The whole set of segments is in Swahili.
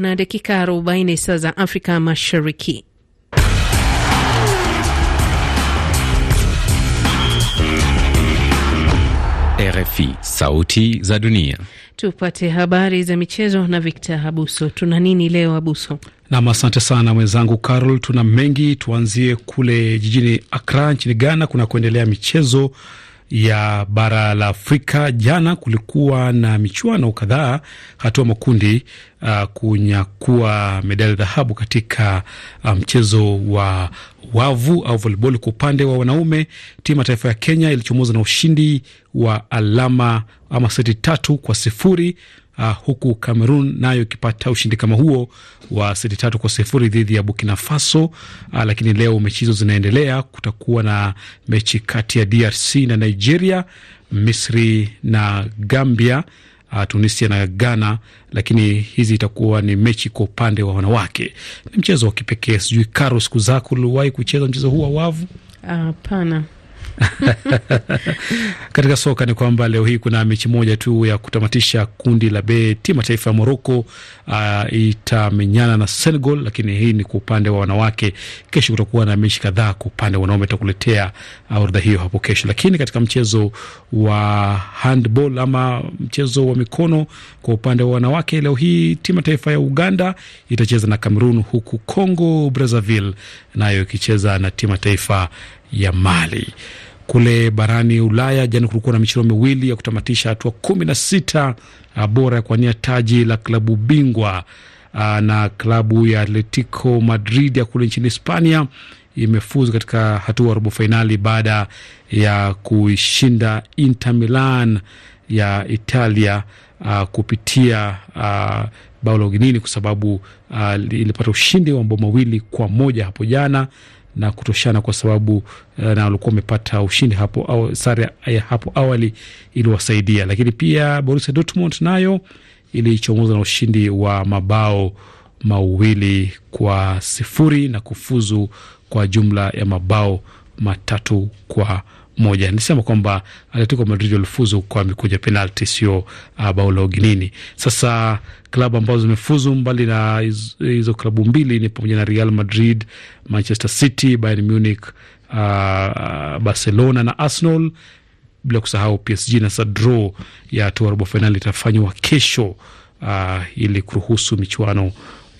na dakika 40 saa za Afrika Mashariki. RFI, Sauti za Dunia. Tupate habari za michezo na Victor Abuso. Tuna nini leo, Abuso? Nam, asante sana mwenzangu Carol. Tuna mengi, tuanzie kule jijini Accra nchini Ghana kuna kuendelea michezo ya bara la Afrika jana kulikuwa na michuano kadhaa hatua makundi uh, kunyakua medali dhahabu katika uh, mchezo um, wa wavu au volleyball. Kwa upande wa wanaume, timu ya taifa ya Kenya ilichomoza na ushindi wa alama ama seti tatu kwa sifuri uh, huku Cameroon nayo ikipata ushindi kama huo wa seti tatu kwa sifuri dhidi ya Burkina Faso. Uh, lakini leo mechi hizo zinaendelea, kutakuwa na mechi kati ya DRC na Nigeria, Misri na Gambia, uh, Tunisia na Ghana, lakini hizi itakuwa ni mechi kwa upande wa wanawake. Ni mchezo wa kipekee. Sijui Karo, siku zako uliwahi kucheza mchezo huu wa wavu? Hapana. Uh, Katika soka ni kwamba leo hii kuna mechi moja tu ya kutamatisha kundi la B. Timu ya taifa ya Moroko uh, itamenyana na Senegal, lakini hii ni kwa upande wa wanawake. Kesho kutakuwa na mechi kadhaa kwa upande wa wanaume, takuletea orodha hiyo hapo kesho. Lakini katika mchezo wa handball ama mchezo wa mikono kwa upande wa wanawake, leo hii timu ya taifa ya Uganda itacheza na Cameroon, huku Congo Brazzaville nayo ikicheza na, na timu ya taifa ya Mali. Kule barani Ulaya jana kulikuwa na michezo miwili ya kutamatisha hatua kumi na sita ah, bora ya kuwania taji la klabu bingwa ah, na klabu ya Atletico Madrid ya kule nchini Hispania imefuzu katika hatua ya robo fainali baada ya kuishinda Inter Milan ya Italia uh, kupitia uh, bao la ugenini kwa sababu uh, ilipata ushindi wa mabao mawili kwa moja hapo jana na kutoshana kwa sababu eh, na walikuwa wamepata ushindi hapo au sare ya hapo awali iliwasaidia, lakini pia Borussia Dortmund nayo ilichomoza na ushindi wa mabao mawili kwa sifuri na kufuzu kwa jumla ya mabao matatu kwa moja. Nisema kwamba uh, Atletico Madrid walifuzu kwa mikuja penalti, sio uh, bao la ugenini. Sasa klabu ambazo zimefuzu mbali na hizo klabu mbili ni pamoja na Real Madrid, Manchester City, Bayern Munich, uh, uh Barcelona na Arsenal, bila kusahau PSG na sa draw ya hatua robo fainali itafanywa kesho, uh, ili kuruhusu michuano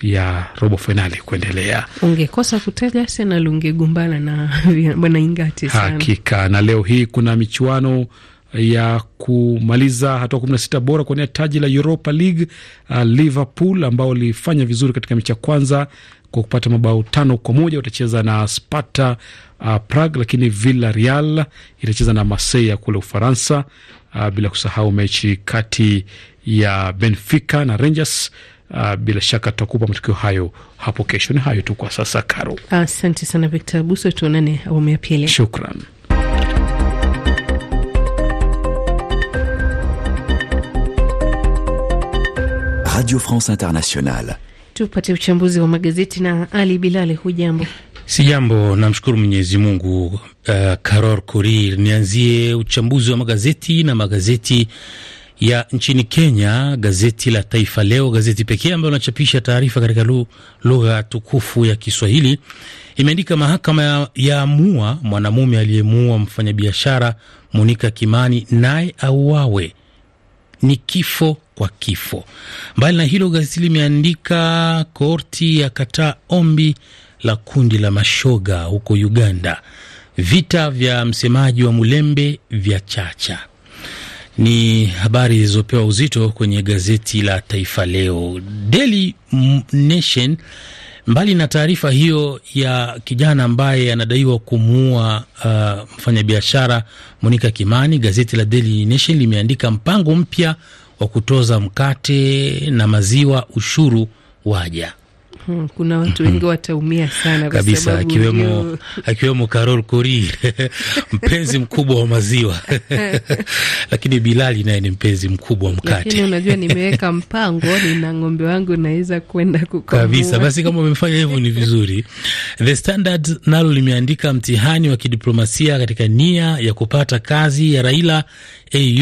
ya robo fainali kuendelea. Ungekosa kutaja Arsenal, ungegombana na bwana Ingati sana. Hakika, na leo hii kuna michuano ya kumaliza hatua 16 bora kuwania taji la Europa League. Uh, Liverpool ambao walifanya vizuri katika mechi ya kwanza kwa kupata mabao tano kwa moja watacheza na Sparta uh, Prague, lakini Villarreal itacheza na Marseille kule Ufaransa, uh, bila kusahau mechi kati ya Benfica na Rangers Uh, bila shaka tutakupa matukio hayo hapo kesho. Ni hayo tu kwa sasa, Karo. Asante sana Victor Buso, tuonane awamu ya pili. Shukran. Radio France Internationale. Tupate uchambuzi wa magazeti na Ali Bilali. Hujambo? Si jambo, namshukuru Mwenyezi Mungu. Uh, Karor Kurir, nianzie uchambuzi wa magazeti na magazeti ya nchini Kenya, gazeti la Taifa Leo, gazeti pekee ambalo inachapisha taarifa katika lugha tukufu ya Kiswahili, imeandika mahakama yaamua ya mwanamume aliyemuua mfanyabiashara Monika Kimani naye auawe, ni kifo kwa kifo. Mbali na hilo, gazeti limeandika korti ya kataa ombi la kundi la mashoga huko Uganda, vita vya msemaji wa Mulembe vya chacha ni habari zilizopewa uzito kwenye gazeti la Taifa Leo. Daily Nation, mbali na taarifa hiyo ya kijana ambaye anadaiwa kumuua uh, mfanyabiashara Monica Kimani, gazeti la Daily Nation limeandika mpango mpya wa kutoza mkate na maziwa ushuru waja Hmm, kuna watu wengi wataumia sana kabisa, akiwemo akiwemo Carol Korir mpenzi mkubwa wa maziwa lakini Bilali naye ni mpenzi mkubwa wa mkate. Lakini unajua nimeweka mpango, nina ng'ombe wangu naweza kwenda kukamua kabisa. Basi kama umefanya hivyo ni vizuri. The Standard nalo limeandika mtihani wa kidiplomasia katika nia ya kupata kazi ya Raila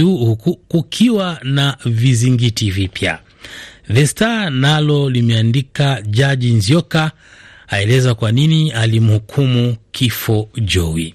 au kukiwa na vizingiti vipya. The Star nalo limeandika jaji Nzioka aeleza kwa nini alimhukumu kifo joi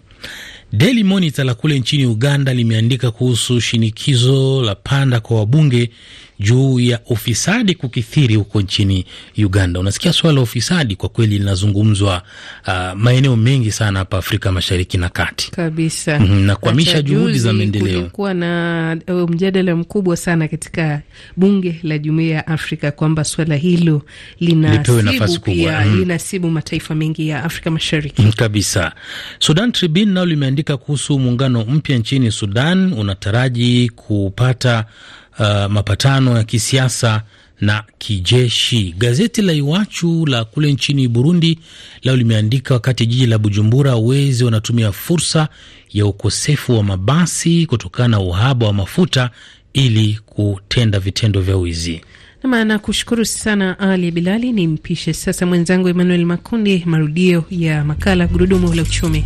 Daily Monitor la kule nchini Uganda limeandika kuhusu shinikizo la panda kwa wabunge juu ya ufisadi kukithiri huko nchini Uganda. Unasikia swala la ufisadi kwa kweli linazungumzwa uh, maeneo mengi sana hapa Afrika Mashariki na Kati kabisa, mm -hmm, na kuhamisha juhudi za maendeleo. Kulikuwa na uh, mjadala mkubwa sana katika bunge la Jumuiya ya Afrika kwamba swala hilo linasibu nafasi kubwa, mhm. linasibu mataifa mengi ya Afrika Mashariki mm, kabisa. Sudan Tribune nao limeandika kuhusu muungano mpya nchini Sudan unataraji kupata uh, mapatano ya kisiasa na kijeshi. Gazeti la Iwachu la kule nchini Burundi lao limeandika wakati jiji la Bujumbura wezi wanatumia fursa ya ukosefu wa mabasi kutokana na uhaba wa mafuta ili kutenda vitendo vya wizi. Maana kushukuru sana Ali Bilali, ni mpishe sasa mwenzangu Emmanuel Makundi, marudio ya makala Gurudumu la Uchumi.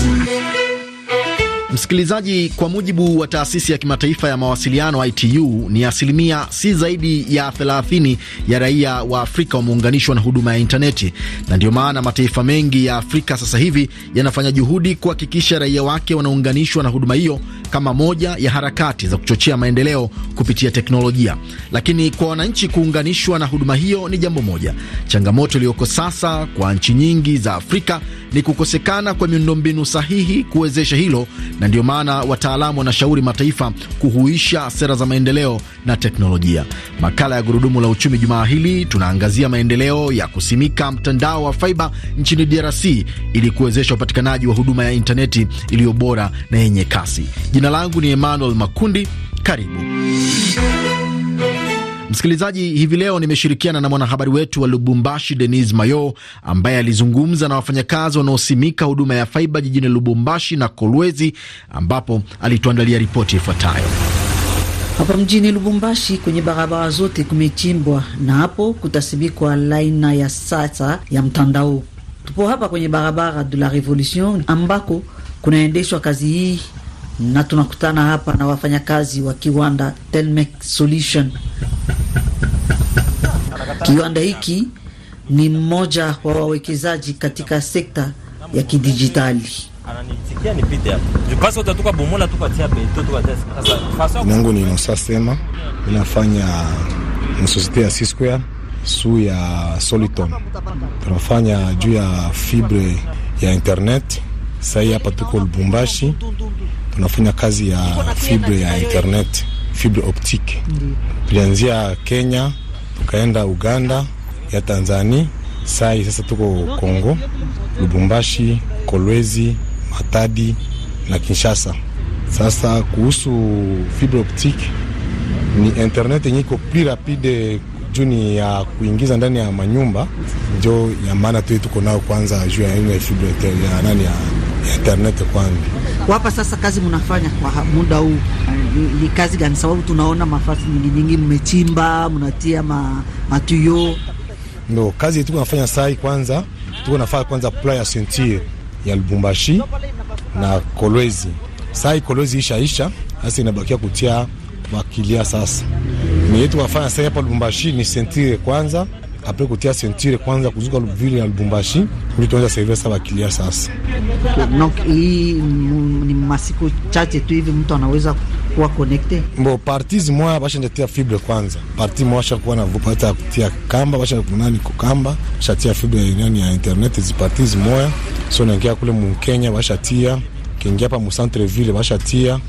Msikilizaji, kwa mujibu wa taasisi ya kimataifa ya mawasiliano ITU, ni asilimia si zaidi ya 30 ya raia wa Afrika wameunganishwa na huduma ya intaneti, na ndiyo maana mataifa mengi ya Afrika sasa hivi yanafanya juhudi kuhakikisha raia wake wanaunganishwa na huduma hiyo kama moja ya harakati za kuchochea maendeleo kupitia teknolojia. Lakini kwa wananchi kuunganishwa na huduma hiyo ni jambo moja. Changamoto iliyoko sasa kwa nchi nyingi za Afrika ni kukosekana kwa miundombinu sahihi kuwezesha hilo na ndio maana wataalamu wanashauri mataifa kuhuisha sera za maendeleo na teknolojia. Makala ya Gurudumu la Uchumi jumaa hili tunaangazia maendeleo ya kusimika mtandao wa faiba nchini DRC ili kuwezesha upatikanaji wa huduma ya intaneti iliyo bora na yenye kasi. Jina langu ni Emmanuel Makundi, karibu Msikilizaji, hivi leo nimeshirikiana na mwanahabari wetu wa Lubumbashi, Denis Mayo, ambaye alizungumza na wafanyakazi wanaosimika huduma ya faiba jijini Lubumbashi na Kolwezi, ambapo alituandalia ripoti ifuatayo. Hapa mjini Lubumbashi kwenye barabara zote kumechimbwa na hapo kutasimikwa laina ya sasa ya mtandao. Tupo hapa kwenye barabara de la Revolution ambako kunaendeshwa kazi hii, na tunakutana hapa na wafanyakazi wa kiwanda Telmec Solution Kiwanda hiki ni mmoja wa wawekezaji katika sekta ya kidijitali. Nangu ni Nosa Sema, inafanya na ya C Square su ya Soliton, tunafanya juu ya fibre ya internet. Sahii hapa tuko Lubumbashi, tunafanya kazi ya fibre ya internet fibre optique tulianzia Kenya tukaenda Uganda ya Tanzania, sai sasa tuko Kongo, Lubumbashi, Kolwezi, Matadi na Kinshasa. Sasa kuhusu fibre optique ni internet yenye iko pli rapide juni ya kuingiza ndani ya manyumba, njo ya maana tu tuko nao kwanza juu ya fibre ya nani ya internet kwanza. Wapa sasa kazi mnafanya kwa muda huu ni kazi gani? Sababu tunaona mafasi nyingi nyingi mmechimba, mnatia ma, matuyo. No, kazi tuko nafanya sai, kwanza tuko nafanya kwanza pla ya sentier ya Lubumbashi na Kolwezi. Sai Kolwezi ishaisha, sasa inabakia kutia wakilia sasa. yetu wafanya sai hapa Lubumbashi ni sentire kwanza apre kutia sentire kwanza kuzuka vile ya Lubumbashi ulituanza servir sa bakilia sasa. Donc hii ni masiku chache tu hivi mtu anaweza kuwa connecte mbo parti moya bashaenda tia fibre kwanza, parti moya bashakuwa na vupata kutia kamba basha kunani kukamba shatia fibre yani ya internet zi parti moya so naingia kule mu Kenya bashatia kiingia pa mu centre ville bashatia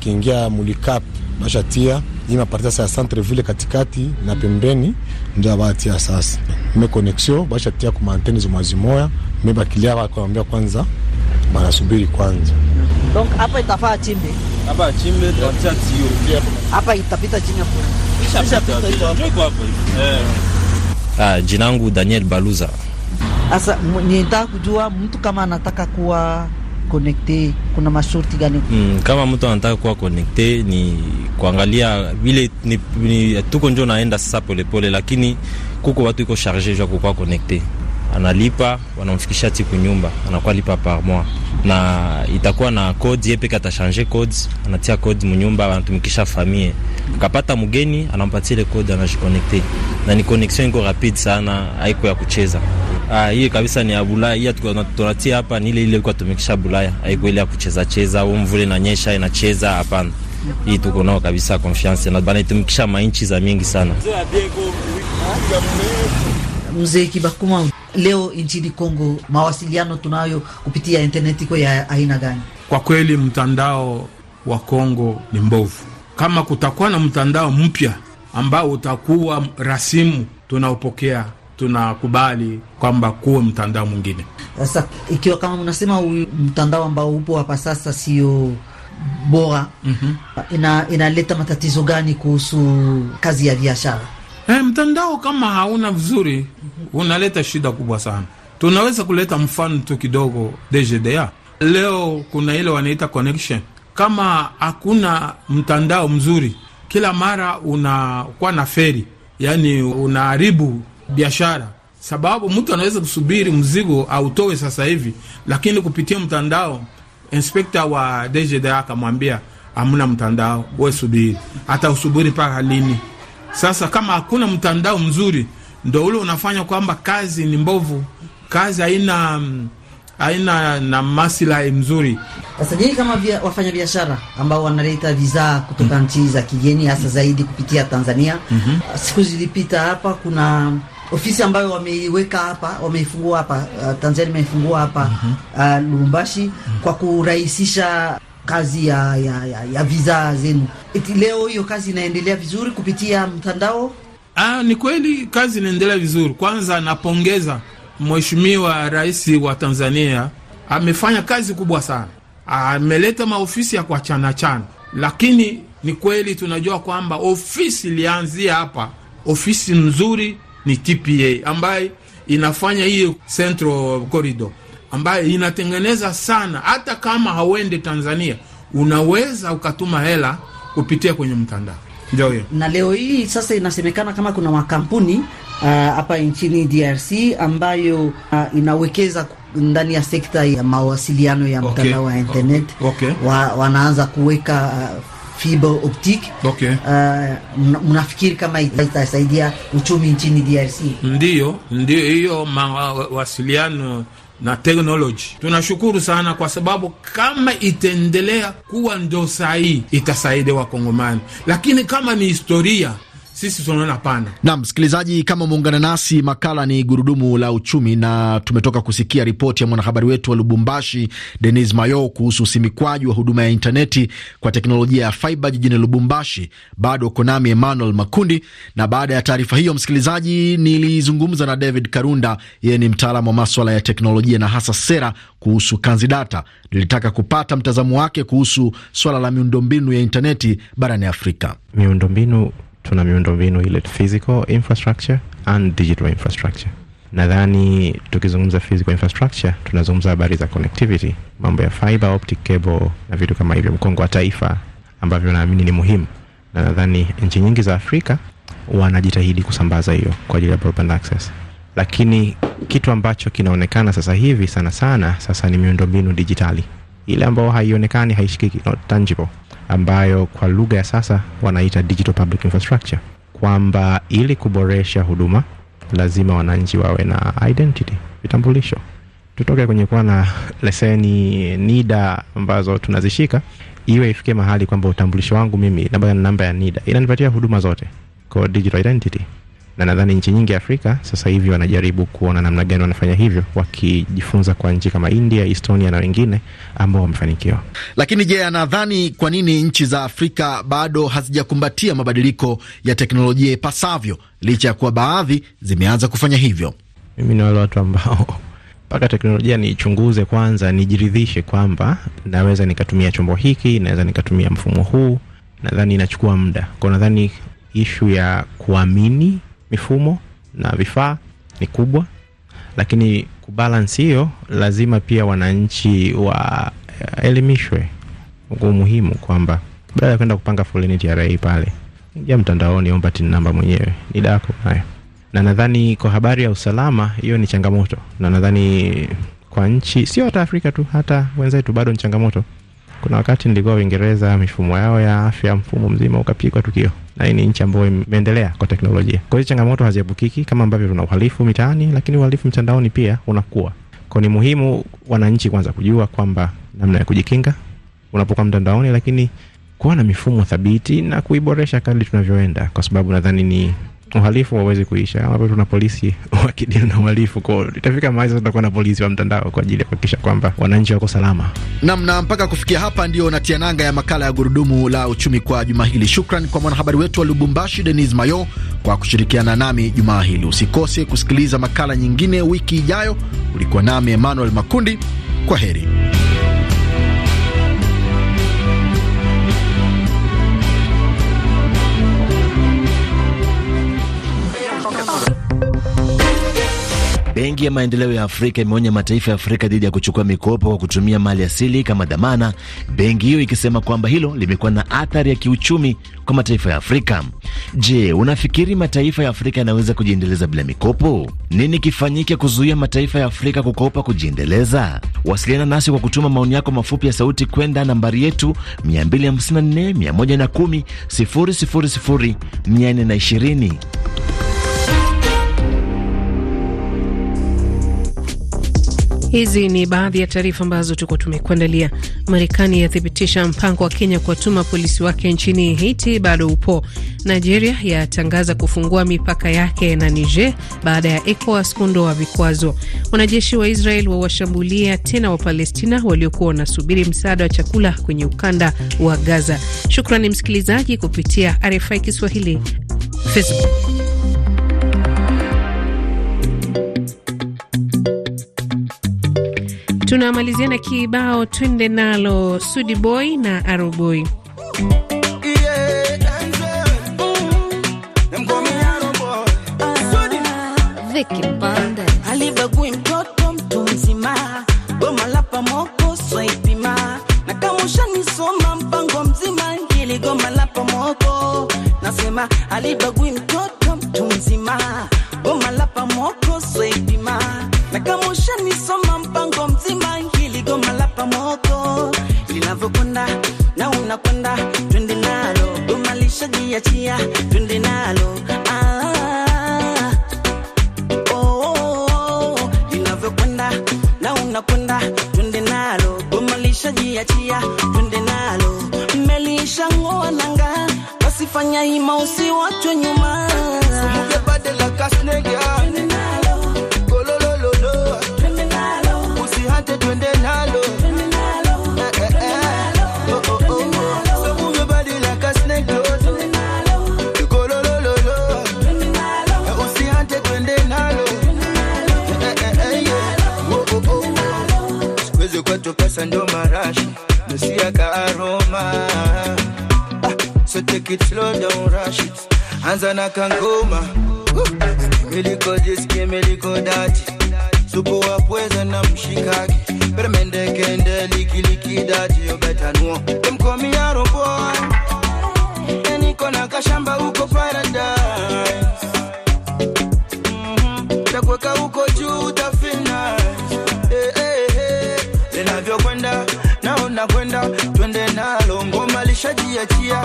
kiingia mulikap bashatia imapartia sa ya centre ville katikati na pembeni, ndio abatia sasa me connexion bashatia ku antene zimwazimoya me bakilia bakawambia kwanza banasubiri kwanza donc hapa itafaa chimbe hapa chimbe tutatia tio hapa itapita chini hapo kisha pita hapo hapo hapo eh ah, jinangu Daniel Baluza. sasa nitaka kujua mtu kama anataka kuwa connecte, kuna masharti gani? Mm, kama mtu anataka kuwa connecte ni kuangalia vile ni, ni, tuko njo naenda sasa polepole, lakini kuko watu iko charge jwa kukuwa connecte, analipa wanamfikisha tiku nyumba, anakuwa lipa par mois na itakuwa na kodi yepeke, atashanje kodi, anatia kodi munyumba, anatumikisha famie. Akapata mgeni anampatia ile kodi, anajiconnecte na ni connection iko rapide sana, haiko ya kucheza. Ah, hii kabisa ni ya Bulaya. Hii tunatia hapa ni ile ile kwa tumekisha Bulaya. Haiko ile ya kucheza cheza, au mvule na nyesha inacheza, hapana. Hii tuko nao kabisa confiance na bana tumekisha mainchi za mingi sana. Mzee Kibakuma, leo nchini Kongo mawasiliano tunayo kupitia interneti kwa ya aina gani? Kwa kweli mtandao wa Kongo ni mbovu. Kama kutakuwa na mtandao mpya ambao utakuwa rasimu, tunaopokea tunakubali kwamba kuwe mtandao mwingine. Sasa ikiwa kama unasema huyu mtandao ambao upo hapa sasa sio bora, mm -hmm. ina, inaleta matatizo gani kuhusu kazi ya biashara? E, mtandao kama hauna vizuri unaleta shida kubwa sana. Tunaweza kuleta mfano tu kidogo DGDA. Leo kuna ile wanaita connection. Kama hakuna mtandao mzuri, kila mara unakuwa na feri, yani unaharibu biashara, sababu mtu anaweza kusubiri mzigo autoe sasa hivi, lakini kupitia mtandao, inspekta wa DGDA akamwambia hamna mtandao, we subiri. usubiri mpaka lini? Sasa kama hakuna mtandao mzuri, ndo ule unafanya kwamba kazi ni mbovu, kazi haina haina na maslahi mzuri. Sasa nyinyi kama biashara ambao wanaleta visa kutoka mm -hmm. nchi za kigeni hasa zaidi kupitia Tanzania mm -hmm. siku zilipita hapa kuna ofisi ambayo wameiweka hapa, wameifungua hapa uh, Tanzania, imeifungua hapa mm -hmm. uh, Lubumbashi mm -hmm. kwa kurahisisha kazi ya, ya, ya, ya visa zenu. Eti leo hiyo kazi inaendelea vizuri kupitia mtandao. Ah, ni kweli kazi inaendelea vizuri. Kwanza napongeza Mheshimiwa Rais wa Tanzania, amefanya kazi kubwa sana, ameleta maofisi ya kuachana chana, lakini ni kweli tunajua kwamba ofisi ilianzia hapa, ofisi nzuri ni TPA ambaye inafanya hiyo Central Corridor ambayo inatengeneza sana. Hata kama hauende Tanzania, unaweza ukatuma hela kupitia kwenye mtandao. Ndio Na leo hii sasa inasemekana kama kuna makampuni uh, hapa uh, nchini DRC ambayo uh, inawekeza ndani ya sekta ya mawasiliano ya mtandao okay, wa internet okay, okay. Wa, wanaanza kuweka uh, fiber optic. Okay. Uh, mnafikiri kama itasaidia uchumi nchini DRC? Ndio, ndio hiyo mawasiliano na teknoloji Tunashukuru sana kwa sababu kama itaendelea kuwa ndo sahii itasaidia Wakongomani, lakini kama ni historia sisi tunaona pana. Naam, msikilizaji, kama umeungana nasi, makala ni gurudumu la uchumi, na tumetoka kusikia ripoti ya mwanahabari wetu wa Lubumbashi Denis Mayo kuhusu usimikwaji wa huduma ya intaneti kwa teknolojia ya faiba jijini Lubumbashi. Bado konami Emmanuel Makundi. Na baada ya taarifa hiyo, msikilizaji, nilizungumza na David Karunda, yeye ni mtaalamu wa maswala ya teknolojia na hasa sera kuhusu kanzidata. Nilitaka kupata mtazamo wake kuhusu swala la miundombinu ya intaneti barani Afrika. miundombinu tuna miundombinu ile physical infrastructure and digital infrastructure nadhani tukizungumza physical infrastructure tunazungumza habari za connectivity mambo ya fiber optic cable na vitu kama hivyo mkongo wa taifa ambavyo naamini ni muhimu na nadhani nchi nyingi za afrika wanajitahidi kusambaza hiyo kwa ajili ya broadband access lakini kitu ambacho kinaonekana sasa hivi sana sana sasa ni miundombinu dijitali ile ambayo haionekani haishikiki not tangible ambayo kwa lugha ya sasa wanaita digital public infrastructure, kwamba ili kuboresha huduma lazima wananchi wawe na identity, vitambulisho. Tutoke kwenye kuwa na leseni NIDA ambazo tunazishika, iwe ifike mahali kwamba utambulisho wangu mimi, labda namba ya NIDA inanipatia huduma zote kwa digital identity na nadhani nchi nyingi Afrika sasa hivi wanajaribu kuona namna gani wanafanya hivyo, wakijifunza kwa nchi kama India, Estonia na wengine ambao wamefanikiwa. Lakini je, anadhani kwa nini nchi za Afrika bado hazijakumbatia mabadiliko ya teknolojia ipasavyo, licha ya kuwa baadhi zimeanza kufanya hivyo? Mimi ni wale watu ambao mpaka teknolojia niichunguze kwanza, nijiridhishe kwamba naweza nikatumia chombo hiki, naweza nikatumia mfumo huu. Nadhani inachukua muda kwao. Nadhani ishu ya kuamini mifumo na vifaa ni kubwa, lakini kubalansi hiyo, lazima pia wananchi waelimishwe eh, umuhimu kwamba badala ya kwenda kupanga foleni TRA pale, ingia mtandaoni, omba TIN namba mwenyewe, ni dako nayo. Na nadhani kwa habari ya usalama, hiyo ni changamoto, na nadhani kwa nchi, sio hata Afrika tu, hata wenzetu bado ni changamoto. Kuna wakati nilikuwa Uingereza, mifumo yao ya afya, mfumo mzima ukapigwa tukio na ni nchi ambayo imeendelea kwa teknolojia. Kwa hiyo changamoto haziepukiki kama ambavyo tuna uhalifu mitaani, lakini uhalifu mtandaoni pia unakuwa kwa. Ni muhimu wananchi kwanza kujua kwamba namna ya kujikinga unapokuwa mtandaoni, lakini kuwa na mifumo thabiti na kuiboresha kadri tunavyoenda, kwa sababu nadhani ni uhalifu waweze kuisha. Hapa tuna polisi wakidili na uhalifu, kwa itafika mahali sasa tutakuwa na polisi wa mtandao kwa ajili ya kuhakikisha kwamba wananchi wako salama. nam na mpaka kufikia hapa ndio natia nanga ya makala ya gurudumu la uchumi kwa juma hili. Shukran kwa mwanahabari wetu wa Lubumbashi Denis Mayo kwa kushirikiana nami jumaa hili. Usikose kusikiliza makala nyingine wiki ijayo. Ulikuwa nami Emmanuel Makundi, kwa heri. Benki ya Maendeleo ya Afrika imeonya mataifa ya Afrika dhidi ya kuchukua mikopo kwa kutumia mali asili kama dhamana, benki hiyo ikisema kwamba hilo limekuwa na athari ya kiuchumi kwa mataifa ya Afrika. Je, unafikiri mataifa ya Afrika yanaweza kujiendeleza bila mikopo? Nini kifanyike kuzuia mataifa ya Afrika kukopa kujiendeleza? Wasiliana nasi kwa kutuma maoni yako mafupi ya sauti kwenda nambari yetu 254 110 000 420. Hizi ni baadhi ya taarifa ambazo tulikuwa tumekuandalia. Marekani yathibitisha mpango wa Kenya kuwatuma polisi wake nchini Haiti bado upo. Nigeria yatangaza kufungua mipaka yake na Niger baada ya ECOWAS kuondoa vikwazo. Wanajeshi wa Israel wawashambulia tena Wapalestina waliokuwa wanasubiri msaada wa chakula kwenye ukanda wa Gaza. Shukrani msikilizaji kupitia RFI Kiswahili Facebook. Tunamalizia na kibao twende nalo Sudi Boy na Aruboy. Alibagui mtoto mtu mzima, swaipima na mpango mzima, ngili nasema, alibagui mtoto mtu mzima, swaipima na tunakwenda, twende nalo, umalisha jiachia twende nalo ah, oh, oh, oh, linavyokwenda na unakwenda, twende nalo, umalisha jiachia twende nalo, melisha ishang'oa nanga, basifanya fanya hima, usiwachwe nyuma. pesa ndo marashi nusia ka ah, so take it slow down rush it anza na kangoma uh, miliko jiski miliko dati supu wa na mshikaki permendekende likilikidati yobetanwo emkomiaroboa eniko na kashamba uko paradise Yeah, ciya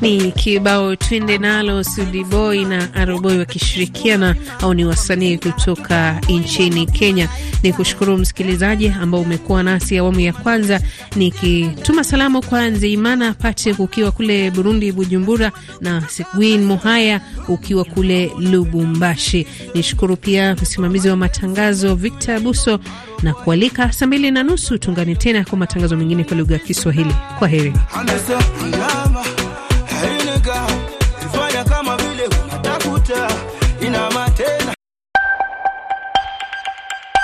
Ni kibao twende nalo Sudiboi na Aroboi wakishirikiana au ni wasanii kutoka nchini Kenya. Ni kushukuru msikilizaji ambao umekuwa nasi awamu ya kwanza, nikituma salamu kwa Nzeimana Patrick ukiwa kule Burundi, Bujumbura, na Sigwin Mohaya ukiwa kule Lubumbashi. Nishukuru pia msimamizi wa matangazo Victor Buso na kualika saa mbili na nusu tuungane tena kwa matangazo mengine kwa lugha ya Kiswahili. Kwa heri.